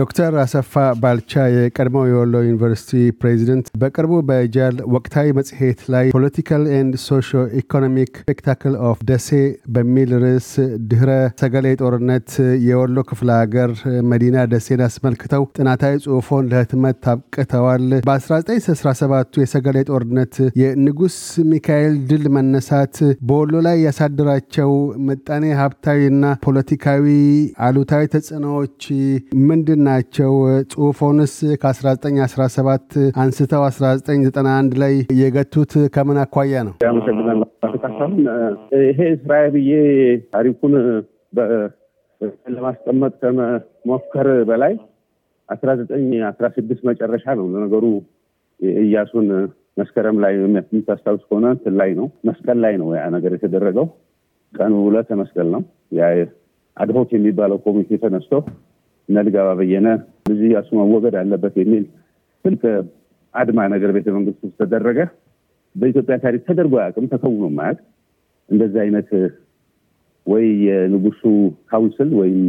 ዶክተር አሰፋ ባልቻ የቀድሞው የወሎ ዩኒቨርሲቲ ፕሬዚደንት፣ በቅርቡ በጃል ወቅታዊ መጽሔት ላይ ፖለቲካል ኤንድ ሶሽ ኢኮኖሚክ ስፔክታክል ኦፍ ደሴ በሚል ርዕስ ድህረ ሰገሌ ጦርነት የወሎ ክፍለ ሀገር መዲና ደሴን አስመልክተው ጥናታዊ ጽሑፎን ለህትመት ታብቅተዋል። በ1917 የሰገሌ ጦርነት የንጉሥ ሚካኤል ድል መነሳት በወሎ ላይ ያሳደራቸው ምጣኔ ሀብታዊና ፖለቲካዊ አሉታዊ ተጽዕኖዎች ምንድን ናቸው? ጽሁፎንስ ከ1917 አንስተው 1991 ላይ የገቱት ከምን አኳያ ነው? ይሄ ስራዬ ብዬ ታሪኩን ለማስቀመጥ ከመሞከር በላይ አስራ ዘጠኝ አስራ ስድስት መጨረሻ ነው ለነገሩ እያሱን መስከረም ላይ የምታስታውስ ከሆነ እንትን ላይ ነው መስቀል ላይ ነው ያ ነገር የተደረገው። ቀኑ ዕለተ መስቀል ነው። ያ አድሆክ የሚባለው ኮሚቴ ተነስቶ እነ ልጋባ በየነ ልጅ እያሱ መወገድ አለበት የሚል ስልክ አድማ ነገር ቤተ መንግስት ውስጥ ተደረገ። በኢትዮጵያ ታሪክ ተደርጎ አያውቅም፣ ተከውኖ ማያውቅ እንደዚህ አይነት ወይ የንጉሱ ካውንስል ወይም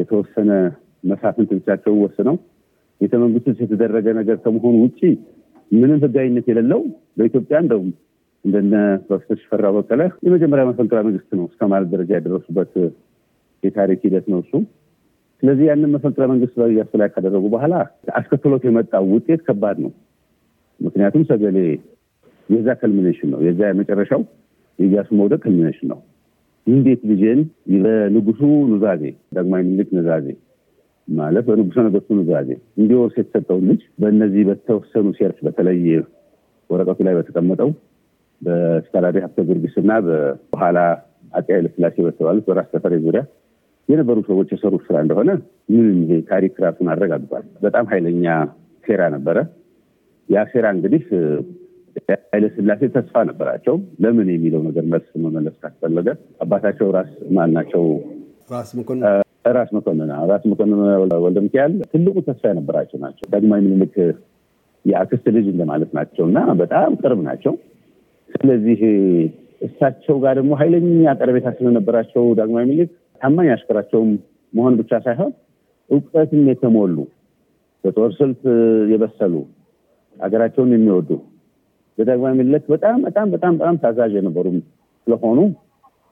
የተወሰነ መሳፍንት ብቻቸው ወስነው ቤተ መንግስት ውስጥ የተደረገ ነገር ከመሆኑ ውጭ ምንም ህጋዊነት የሌለው በኢትዮጵያ እንደውም እንደነ ፕሮፌሰር ሽፈራው በቀለ የመጀመሪያ መፈንቅለ መንግስት ነው እስከማለት ደረጃ ያደረሱበት የታሪክ ሂደት ነው እሱ። ስለዚህ ያንን መፈንቅለ መንግስት በእያሱ ላይ ካደረጉ በኋላ አስከትሎት የመጣው ውጤት ከባድ ነው። ምክንያቱም ሰገሌ የዛ ከልሚኔሽን ነው። የዛ የመጨረሻው የእያሱ መውደቅ ከልሚኔሽን ነው። እንዴት ልጄን በንጉሱ ኑዛዜ፣ ዳግማዊ ምኒልክ ኑዛዜ ማለት በንጉሰ ነገስቱ ኑዛዜ እንዲወርስ የተሰጠውን ልጅ በእነዚህ በተወሰኑ ሴርች በተለይ ወረቀቱ ላይ በተቀመጠው በስካላዴ ሀብተ ጊዮርጊስ እና በኋላ አጤ ኃይለስላሴ በተባሉት በራስ ተፈሪ ዙሪያ የነበሩ ሰዎች የሰሩት ስራ እንደሆነ ምንም ይሄ ታሪክ ራሱን አረጋግጧል። በጣም ኃይለኛ ሴራ ነበረ። ያ ሴራ እንግዲህ ኃይለስላሴ ተስፋ ነበራቸው። ለምን የሚለው ነገር መልስ መመለስ ካስፈለገ አባታቸው ራስ ማናቸው ራስ መኮንን ራስ መኮንን ወልደ ሚካኤል ትልቁ ተስፋ የነበራቸው ናቸው። ዳግማዊ ምኒልክ የአክስት ልጅ እንደማለት ናቸው እና በጣም ቅርብ ናቸው። ስለዚህ እሳቸው ጋር ደግሞ ኃይለኛ ቀረቤታ ስለነበራቸው ዳግማዊ ምኒልክ ታማኝ አሽከራቸውም መሆን ብቻ ሳይሆን እውቀትም የተሞሉ በጦር ስልት የበሰሉ ሀገራቸውን የሚወዱ በዳግማዊ ምኒልክ በጣም በጣም በጣም በጣም ታዛዥ የነበሩ ስለሆኑ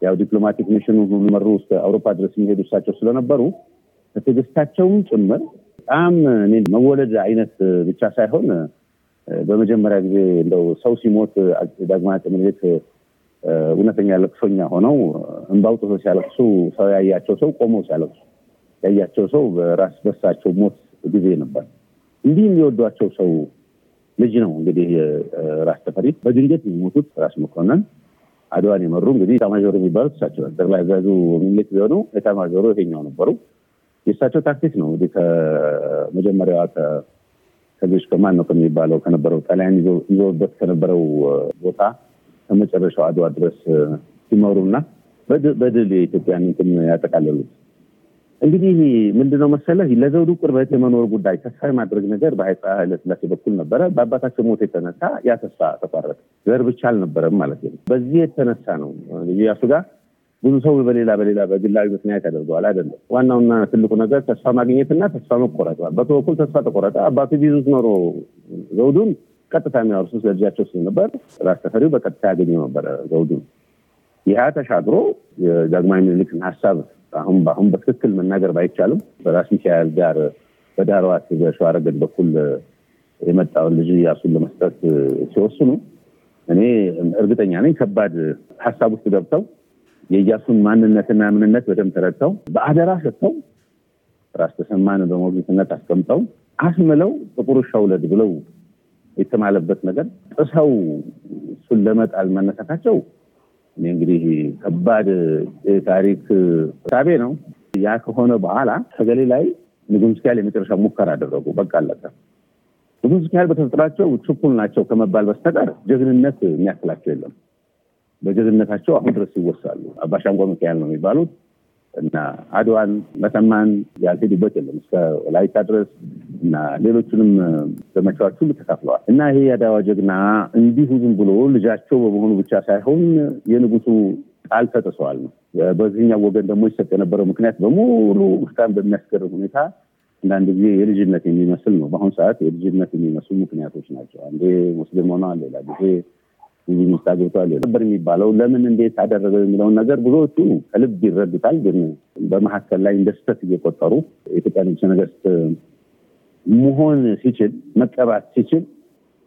ያው ዲፕሎማቲክ ሚሽኑ መሩ እስከ አውሮፓ ድረስ የሚሄዱ እሳቸው ስለነበሩ ከትዕግስታቸውም ጭምር በጣም መወለድ አይነት ብቻ ሳይሆን በመጀመሪያ ጊዜ እንደው ሰው ሲሞት ዳግማዊ ምኒልክ እውነተኛ ለቅሶኛ ሆነው እንባ አውጥቶ ሲያለቅሱ ሰው ያያቸው ሰው ቆሞ ሲያለቅሱ ያያቸው ሰው በራስ በሳቸው ሞት ጊዜ ነበር። እንዲህ የሚወዷቸው ሰው ልጅ ነው እንግዲህ ራስ ተፈሪ በድንገት የሚሞቱት ራስ መኮንን አድዋን የመሩ እንግዲህ ኤታማዦር የሚባሉት እሳቸው ጠቅላይ አዛዡ ምኒልክ ቢሆኑ ኤታማዦሩ ይሄኛው ነበሩ። የእሳቸው ታክቲክ ነው እንግዲህ ከመጀመሪያዋ ከዚች ከማን ነው ከሚባለው ከነበረው ጣሊያን ይዘውበት ከነበረው ቦታ ከመጨረሻው አድዋ ድረስ ሲመሩና በድል የኢትዮጵያን እንትን ያጠቃለሉት። እንግዲህ ምንድነው መሰለህ ለዘውዱ ቅርበት የመኖር ጉዳይ ተስፋ የማድረግ ነገር በኃይለ ሥላሴ በኩል ነበረ። በአባታቸው ሞት የተነሳ ያ ተስፋ ተቋረጠ። ዘር ብቻ አልነበረም ማለት ነው። በዚህ የተነሳ ነው ኢያሱ ጋር ብዙ ሰው በሌላ በሌላ በግላዊ ምክንያት ያደርገዋል አይደለም። ዋናውና ትልቁ ነገር ተስፋ ማግኘትና ተስፋ መቆረጥ። በአቶ በኩል ተስፋ ተቆረጠ። አባቱ ቢዙት ኖሮ ዘውዱን ቀጥታ የሚያወርሱት ለልጃቸው ስለነበር ራስ ተፈሪው በቀጥታ ያገኘው ነበረ ዘውዱ። ይህ ተሻግሮ የዳግማዊ ምኒልክን ሀሳብ አሁን በአሁን በትክክል መናገር ባይቻልም በራስ ሚካኤል ጋር በዳርዋት በሸዋረገድ በኩል የመጣውን ልጅ እያሱን ለመስጠት ሲወስኑ እኔ እርግጠኛ ነኝ ከባድ ሀሳብ ውስጥ ገብተው የእያሱን ማንነትና ምንነት በደም ተረድተው በአደራ ሰጥተው ራስ ተሰማን በሞግዚትነት አስቀምጠው አስምለው ጥቁር ሻውለድ ብለው የተማለበት ነገር ጥሰው እሱን ለመጣል መነሳታቸው እኔ እንግዲህ ከባድ የታሪክ ሳቤ ነው። ያ ከሆነ በኋላ ሰገሌ ላይ ንጉምስኪያል የመጨረሻ ሙከራ አደረጉ። በቃ አለቀ። ንጉምስኪያል በተፈጥሯቸው ችኩል ናቸው ከመባል በስተቀር ጀግንነት የሚያክላቸው የለም። በጀግንነታቸው አሁን ድረስ ይወሳሉ። አባሻንጓ ሚካኤል ነው የሚባሉት። እና አድዋን መተማን ያልሄዱበት የለም እስከ ወላይታ ድረስ እና ሌሎቹንም ዘመቻዎች ሁሉ ተካፍለዋል እና ይሄ የአድዋ ጀግና እንዲሁ ዝም ብሎ ልጃቸው በመሆኑ ብቻ ሳይሆን የንጉሱ ቃል ተጥሰዋል ነው። በዚህኛው ወገን ደግሞ ይሰጥ የነበረው ምክንያት በሙሉ ውስጣን በሚያስገርም ሁኔታ አንዳንድ ጊዜ የልጅነት የሚመስል ነው። በአሁኑ ሰዓት የልጅነት የሚመስሉ ምክንያቶች ናቸው። አንዴ ሙስሊም ሆኗል፣ ሌላ ጊዜ እዚህ ውስጥ ነበር የሚባለው ለምን እንዴት አደረገው የሚለውን ነገር ብዙዎቹ ከልብ ይረዱታል፣ ግን በመካከል ላይ እንደ ስህተት እየቆጠሩ የኢትዮጵያ ንጉሠ ነገሥት መሆን ሲችል መቀባት ሲችል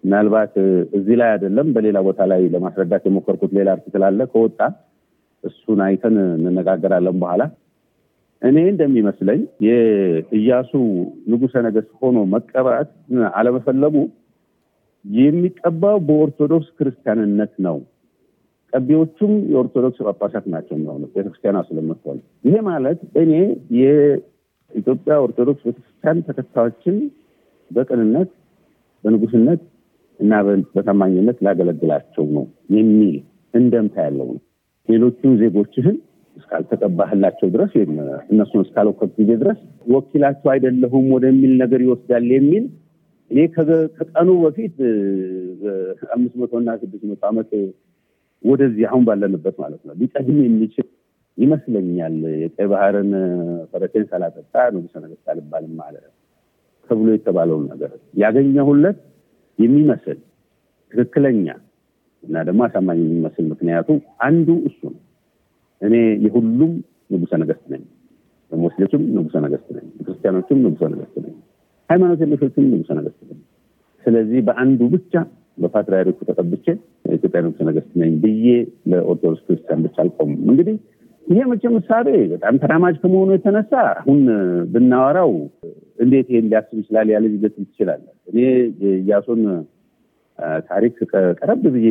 ምናልባት እዚህ ላይ አይደለም በሌላ ቦታ ላይ ለማስረዳት የሞከርኩት ሌላ አርቲክል አለ ከወጣ እሱን አይተን እንነጋገራለን በኋላ። እኔ እንደሚመስለኝ የእያሱ ንጉሠ ነገሥት ሆኖ መቀባት አለመፈለጉ የሚቀባው በኦርቶዶክስ ክርስቲያንነት ነው። ቀቢዎቹም የኦርቶዶክስ ጳጳሳት ናቸው የሚሆኑ ቤተክርስቲያኗ ስለምትሆን። ይሄ ማለት እኔ የኢትዮጵያ ኦርቶዶክስ ቤተክርስቲያን ተከታዮችን በቅንነት በንጉስነት እና በታማኝነት ላገለግላቸው ነው የሚል እንደምታ ያለው ነው። ሌሎቹ ዜጎችህን እስካልተቀባህላቸው ድረስ ወይም እነሱን እስካልወከልክ ጊዜ ድረስ ወኪላቸው አይደለሁም ወደሚል ነገር ይወስዳል የሚል እኔ ከቀኑ በፊት አምስት መቶ እና ስድስት መቶ ዓመት ወደዚህ አሁን ባለንበት ማለት ነው ሊቀድም የሚችል ይመስለኛል። የቀይ ባህርን ፈረሴን ሳላጠጣ ንጉሰ ነገስት አልባልም አለ ተብሎ የተባለውን ነገር ያገኘሁለት የሚመስል ትክክለኛ እና ደግሞ አሳማኝ የሚመስል ምክንያቱ አንዱ እሱ ነው። እኔ የሁሉም ንጉሰ ነገስት ነኝ። ሙስሊሞቹም ንጉሰ ነገስት ነኝ፣ ክርስቲያኖቹም ንጉሰ ነገስት ነኝ። ሃይማኖት የለሾችም ንጉሰ ነገስት ስለዚህ በአንዱ ብቻ በፓትሪያሪኩ ተጠብቼ ኢትዮጵያ ንጉሰ ነገስት ነኝ ብዬ ለኦርቶዶክስ ክርስቲያን ብቻ አልቆምም። እንግዲህ ይሄ መቼም ምሳሌ በጣም ተራማጅ ከመሆኑ የተነሳ አሁን ብናወራው እንዴት ይሄን ሊያስብ ይችላል ያለ ሊደት ይችላል። እኔ ኢያሱን ታሪክ ቀረብ ብዬ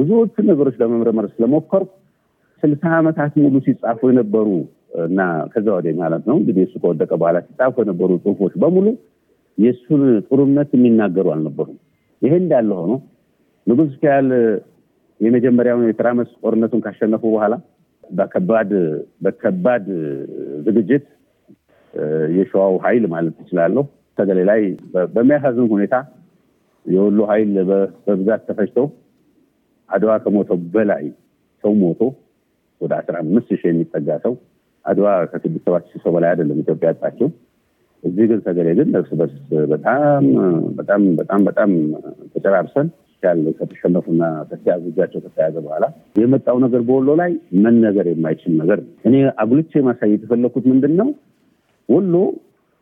ብዙዎቹ ነገሮች ለመምረመር ስለሞከርኩ ስልሳ ዓመታት ሙሉ ሲጻፉ የነበሩ እና ከዛ ወደ ማለት ነው እንግዲህ እሱ ከወደቀ በኋላ ሲጻፉ የነበሩ ጽሁፎች በሙሉ የእሱን ጥሩነት የሚናገሩ አልነበሩም። ይሄ እንዳለ ሆኖ ንጉስ ኪያል የመጀመሪያውን የትራመስ ጦርነቱን ካሸነፉ በኋላ በከባድ በከባድ ዝግጅት የሸዋው ኃይል ማለት ትችላለሁ ተገሌ ላይ በሚያሳዝን ሁኔታ የወሎ ኃይል በብዛት ተፈጭቶ አድዋ ከሞቶ በላይ ሰው ሞቶ ወደ አስራ አምስት ሺህ የሚጠጋ ሰው አድዋ ከስድስት ሰባት ሺህ ሰው በላይ አይደለም ኢትዮጵያ ያጣቸው እዚህ ግን ሰገሌ ግን እርስ በርስ በጣም በጣም በጣም በጣም ተጨራርሰን ያለ ከተሸነፉና ከተያዙ እጃቸው ከተያዘ በኋላ የመጣው ነገር በወሎ ላይ መነገር የማይችል ነገር ነው። እኔ አጉልቼ ማሳየት የተፈለግኩት ምንድን ነው ወሎ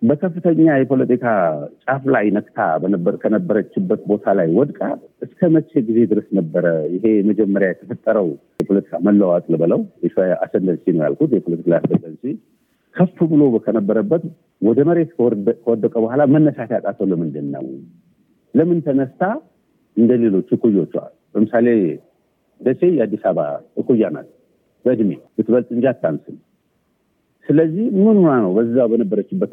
በከፍተኛ የፖለቲካ ጫፍ ላይ ነክታ በነበር ከነበረችበት ቦታ ላይ ወድቃ እስከ መቼ ጊዜ ድረስ ነበረ ይሄ መጀመሪያ የተፈጠረው የፖለቲካ መለዋወጥ ልበለው አሰንደንሲ ነው ያልኩት። የፖለቲካ አሰንደንሲ ከፍ ብሎ ከነበረበት ወደ መሬት ከወደቀ በኋላ መነሳት ያቃተው ለምንድን ነው? ለምን ተነሳ? እንደ ሌሎች እኩዮቿ ለምሳሌ ደሴ የአዲስ አበባ እኩያ ናት። በእድሜ ብትበልጥ እንጂ አታንስም። ስለዚህ ምን ሆና ነው በዛ በነበረችበት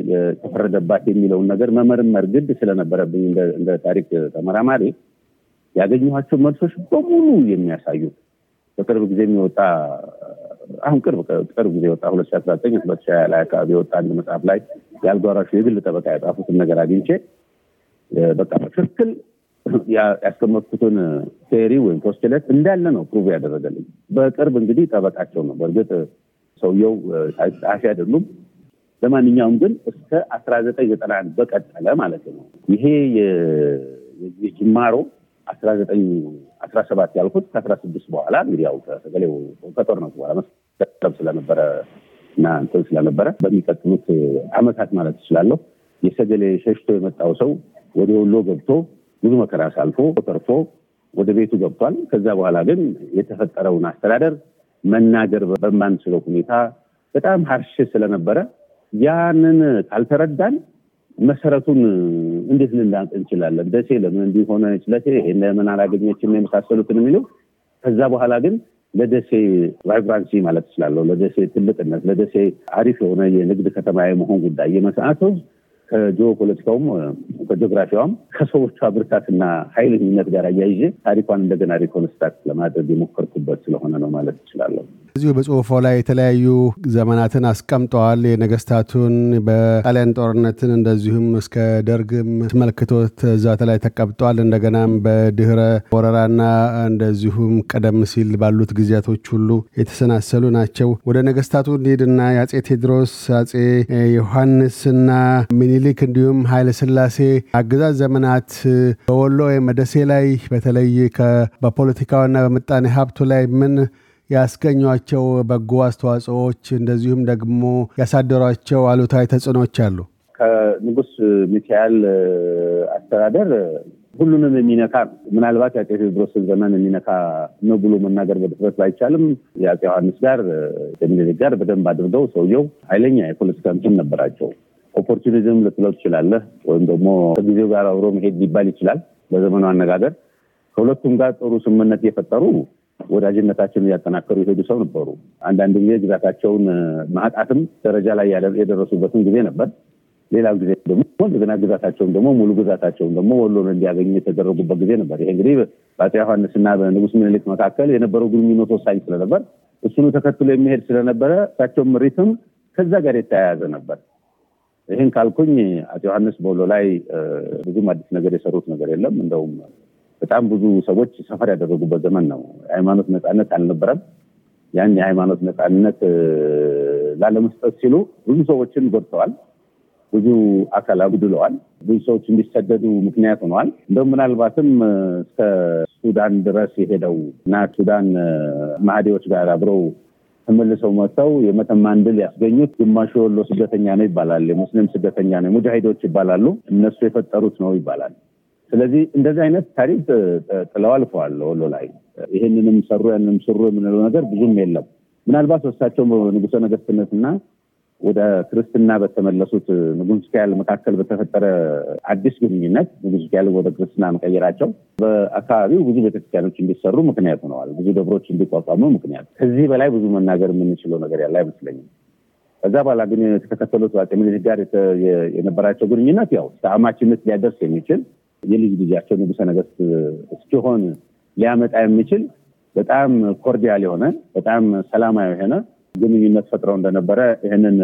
የተፈረደባት የሚለውን ነገር መመርመር ግድ ስለነበረብኝ እንደ ታሪክ ተመራማሪ ያገኘኋቸው መልሶች በሙሉ የሚያሳዩት በቅርብ ጊዜ የሚወጣ አሁን ቅርብ ቅርብ ጊዜ ወጣ ሁለት ሺ አስራ ዘጠኝ ሁለት ሺ ላይ አካባቢ የወጣ አንድ መጽሐፍ ላይ የአልጓራሹ የግል ጠበቃ የጻፉትን ነገር አግኝቼ በቃ ትክክል ያስቀመጥኩትን ቴሪ ወይም ፖስትሌት እንዳለ ነው ፕሩቭ ያደረገልኝ። በቅርብ እንግዲህ ጠበቃቸው ነው። በእርግጥ ሰውየው ጸሐፊ አይደሉም። ለማንኛውም ግን እስከ አስራ ዘጠኝ ዘጠና አንድ በቀጠለ ማለት ነው ይሄ የጅማሮ አስራ ዘጠኝ አስራ ሰባት ያልኩት ከአስራ ስድስት በኋላ እንግዲህ ያው ከገሌው ከጦርነቱ በኋላ መሰብ ስለነበረ እና እንትን ስለነበረ በሚቀጥሉት አመታት ማለት እችላለሁ የሰገሌ ሸሽቶ የመጣው ሰው ወደ ወሎ ገብቶ ብዙ መከራ ሳልፎ ተርፎ ወደ ቤቱ ገብቷል። ከዛ በኋላ ግን የተፈጠረውን አስተዳደር መናገር በማንችለው ሁኔታ በጣም ሀርሽ ስለነበረ ያንን ካልተረዳን መሰረቱን እንዴት ልናንጽ እንችላለን? ደሴ ለምን እንዲሆነ ስለሴ ለሴ ለምን አላገኘችም? የመሳሰሉትን የሚለው ከዛ በኋላ ግን ለደሴ ቫይብራንሲ ማለት እችላለሁ፣ ለደሴ ትልቅነት፣ ለደሴ አሪፍ የሆነ የንግድ ከተማ የመሆን ጉዳይ የመሰአቶ ህዝብ ፖለቲካውም ከጂኦግራፊዋም ከሰዎቿ ብርታትና ኃይለኝነት ጋር አያይዤ ታሪኳን እንደገና ሪኮንስታክት ለማድረግ የሞከርኩበት ስለሆነ ነው ማለት እችላለሁ። እዚሁ በጽሁፎ ላይ የተለያዩ ዘመናትን አስቀምጠዋል። የነገስታቱን በጣሊያን ጦርነትን እንደዚሁም እስከ ደርግም አስመልክቶት ዛት ላይ ተቀምጠዋል። እንደገናም በድህረ ወረራና እንደዚሁም ቀደም ሲል ባሉት ጊዜያቶች ሁሉ የተሰናሰሉ ናቸው። ወደ ነገስታቱ እንሂድና የአጼ ቴዎድሮስ አጼ ዮሐንስና ሚኒሊክ እንዲሁም ኃይለስላሴ አገዛዝ ዘመናት በወሎ ወይም መደሴ ላይ በተለይ በፖለቲካውና በምጣኔ ሀብቱ ላይ ምን ያስገኟቸው በጎ አስተዋጽኦዎች እንደዚሁም ደግሞ ያሳደሯቸው አሉታዊ ተጽዕኖች አሉ። ከንጉስ ሚካኤል አስተዳደር ሁሉንም የሚነካ ምናልባት የአፄ ቴዎድሮስን ዘመን የሚነካ ነው ብሎ መናገር በድፍረት ባይቻልም የአፄ ዮሐንስ ጋር የሚኒሊክ ጋር በደንብ አድርገው ሰውየው ኃይለኛ የፖለቲካ እንትን ነበራቸው። ኦፖርቹኒዝም ልትለው ትችላለህ፣ ወይም ደግሞ ከጊዜው ጋር አብሮ መሄድ ሊባል ይችላል። በዘመኑ አነጋገር ከሁለቱም ጋር ጥሩ ስምምነት እየፈጠሩ ወዳጅነታቸውን እያጠናከሩ የሄዱ ሰው ነበሩ። አንዳንድ ጊዜ ግዛታቸውን ማጣትም ደረጃ ላይ የደረሱበትም ጊዜ ነበር። ሌላ ጊዜ ደግሞ ግና ግዛታቸውን ደግሞ ሙሉ ግዛታቸውን ደግሞ ወሎን እንዲያገኙ የተደረጉበት ጊዜ ነበር። ይሄ እንግዲህ በአፄ ዮሐንስና በንጉስ ምኒልክ መካከል የነበረው ግንኙነት ወሳኝ ስለነበር እሱኑ ተከትሎ የሚሄድ ስለነበረ እሳቸውም ሪትም ከዛ ጋር የተያያዘ ነበር። ይህን ካልኩኝ አፄ ዮሐንስ በወሎ ላይ ብዙም አዲስ ነገር የሰሩት ነገር የለም እንደውም በጣም ብዙ ሰዎች ሰፈር ያደረጉበት ዘመን ነው። የሃይማኖት ነፃነት አልነበረም። ያን የሃይማኖት ነፃነት ላለመስጠት ሲሉ ብዙ ሰዎችን ጎድተዋል። ብዙ አካል አጉድለዋል። ብዙ ሰዎች እንዲሰደዱ ምክንያት ሆነዋል። እንደውም ምናልባትም እስከ ሱዳን ድረስ የሄደው እና ሱዳን ማህዴዎች ጋር አብረው ተመልሰው መጥተው የመተማን ድል ያስገኙት ግማሹ የወሎ ስደተኛ ነው ይባላል። የሙስሊም ስደተኛ ነው፣ ሙጃሂዶች ይባላሉ። እነሱ የፈጠሩት ነው ይባላል። ስለዚህ እንደዚህ አይነት ታሪክ ጥለው አልፈዋል ወሎ ላይ። ይህንንም ሰሩ ያንንም ስሩ የምንለው ነገር ብዙም የለም። ምናልባት እሳቸው ንጉሰ ነገስትነትና ወደ ክርስትና በተመለሱት ንጉስ ኪያል መካከል በተፈጠረ አዲስ ግንኙነት ንጉስ ኪያል ወደ ክርስትና መቀየራቸው በአካባቢው ብዙ ቤተክርስቲያኖች እንዲሰሩ ምክንያት ሆነዋል። ብዙ ደብሮች እንዲቋቋሙ ምክንያት። ከዚህ በላይ ብዙ መናገር የምንችለው ነገር ያለ አይመስለኝም። ከዛ በኋላ ግን ከተከተሉት አፄ ምኒልክ ጋር የነበራቸው ግንኙነት ያው ተአማችነት ሊያደርስ የሚችል የልጅ ልጃቸው ንጉሰ ነገስት እስኪሆን ሊያመጣ የሚችል በጣም ኮርዲያል የሆነ በጣም ሰላማዊ የሆነ ግንኙነት ፈጥረው እንደነበረ ይህንን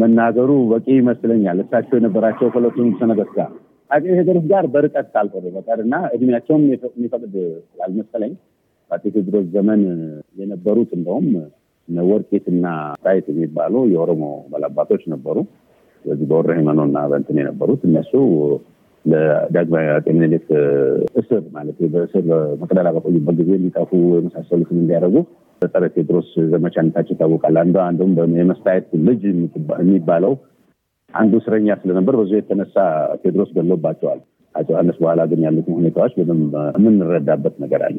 መናገሩ በቂ ይመስለኛል። እሳቸው የነበራቸው ከሁለቱ ንጉሰ ነገስት ጋር አጼ ቴዎድሮስ ጋር በርቀት ካልሆነ በቀር እና እድሜያቸውም የሚፈቅድ አልመሰለኝ። በአጼ ቴዎድሮስ ዘመን የነበሩት እንደውም ወርቄትና ጣይት የሚባሉ የኦሮሞ ባላባቶች ነበሩ። በዚህ በወረ ሃይመኖና በእንትን የነበሩት እነሱ ለዳግማዊ አጤ ምኒልክ እስር ማለት በእስር መቅደላ በቆዩበት ጊዜ ሊጠፉ የመሳሰሉትን እንዲያደርጉ በጸረ ቴድሮስ ዘመቻነታቸው ይታወቃል። አንዱ አንዱም የመስታየት ልጅ የሚባለው አንዱ እስረኛ ስለነበር በዙ የተነሳ ቴድሮስ ገሎባቸዋል። አፄ ዮሐንስ በኋላ ግን ያሉትን ሁኔታዎች በደንብ የምንረዳበት ነገር አለ።